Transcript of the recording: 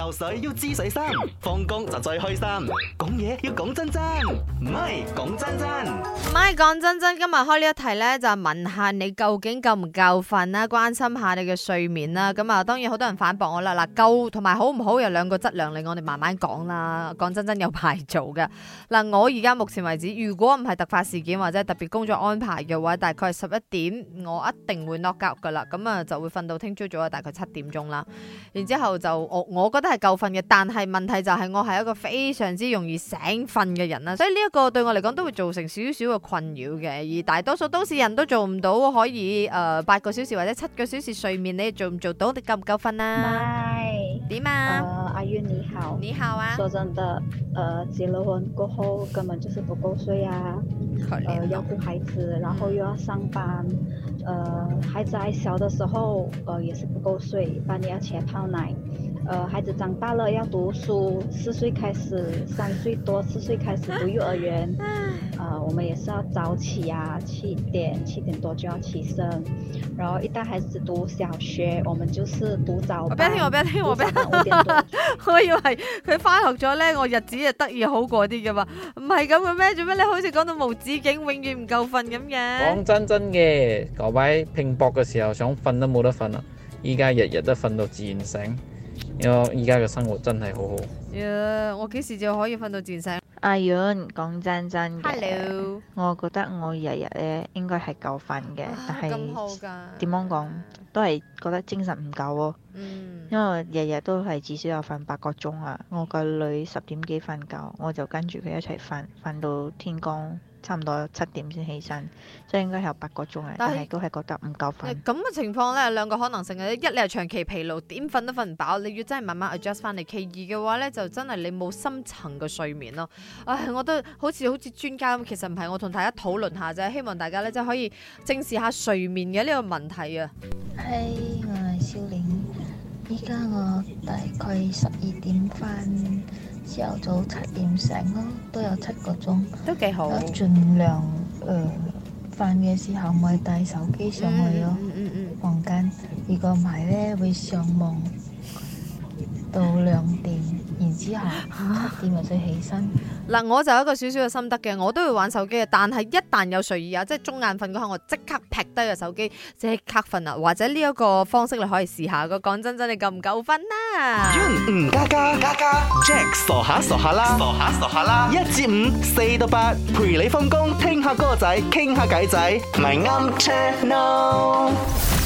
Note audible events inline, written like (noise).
游水要知水深，放工就最開心。講嘢要講真真，唔係講真真，唔係講真真。今日開呢一題咧，就問下你究竟夠唔夠瞓啦，關心下你嘅睡眠啦。咁啊，當然好多人反駁我啦。嗱，夠同埋好唔好有兩個質量，令我哋慢慢講啦。講真真有排做噶。嗱，我而家目前為止，如果唔係突發事件或者特別工作安排嘅話，大概係十一點，我一定會落覺噶啦。咁啊，就會瞓到聽朝早啊，大概七點鐘啦。然之後就我我覺得。係夠瞓嘅，但係問題就係、是、我係一個非常之容易醒瞓嘅人啦，所以呢一個對我嚟講都會造成少少嘅困擾嘅。而大多數都市人都做唔到可以誒八、呃、個小時或者七個小時睡眠，你做唔做到？你夠唔夠瞓啊？唔係點啊？Uh, 阿月你好，你好啊。說真的，誒、呃、結了婚過後根本就是不夠睡啊。可憐、呃、要顧孩子，然後又要上班。誒、呃，孩子還小的時候，誒、呃、也是不夠睡，半夜要起來泡奶。誒、呃，孩子長大了要讀書，四歲開始，三歲多四歲開始讀幼兒園。啊、呃，我們也是要早起啊，七點七點多就要起身。然後一旦孩子讀小學，我們就是讀早班。我不要聽，我不要聽，我不要聽。我， (laughs) (laughs) 我以為佢翻學咗咧，我日子就得意好過啲嘅嘛，唔係咁嘅咩？做咩你好似講到無止境，永遠唔夠瞓咁嘅？講真真嘅，各位拼搏嘅時候想瞓都冇得瞓啦，依家日日都瞓到自然醒。我而家嘅生活真係好好。Yeah, 我幾時就可以瞓到自醒？阿楊講真真。h 我覺得我日日咧，應該係夠瞓嘅，但係點樣講都係覺得精神唔夠 Yeah. 因為日日都係至少有瞓八個鐘啊。我個女十點幾瞓覺，我就跟住佢一齊瞓，瞓到天光。差唔多七點先起身，即係應該係有八個鐘嘅，但係都係覺得唔夠瞓。咁嘅情況咧，兩個可能性嘅，一你係長期疲勞，點瞓都瞓唔飽，你要真係慢慢 adjust 翻嚟；其二嘅話咧，就真係你冇深層嘅睡眠咯。唉，我都好似好似專家咁，其實唔係，我同大家討論下啫，希望大家咧即係可以正視下睡眠嘅呢個問題啊。係，hey，我係肖玲，依家我大概十二點瞓。朝頭早七點醒咯，都有七個鐘，都幾好。盡量，誒、呃，瞓嘅時候咪帶手機上去咯，嗯嗯嗯，房間。嗯嗯嗯、如果唔係咧，會上網到兩點。然之後下，點咪想起身？嗱，我就有一個少少嘅心得嘅，我都會玩手機嘅，但係一旦有睡意啊，即係中眼瞓嗰刻，我即刻劈低個手機，即刻瞓啊！或者呢一個方式你可以試下嘅，講真真你夠唔夠瞓啊？嗯，加加加加，Jack 傻下傻下啦，傻下傻下，傻下啦，一至五，四到八，8，陪你放工，聽下歌仔，傾下偈仔，咪啱車 no。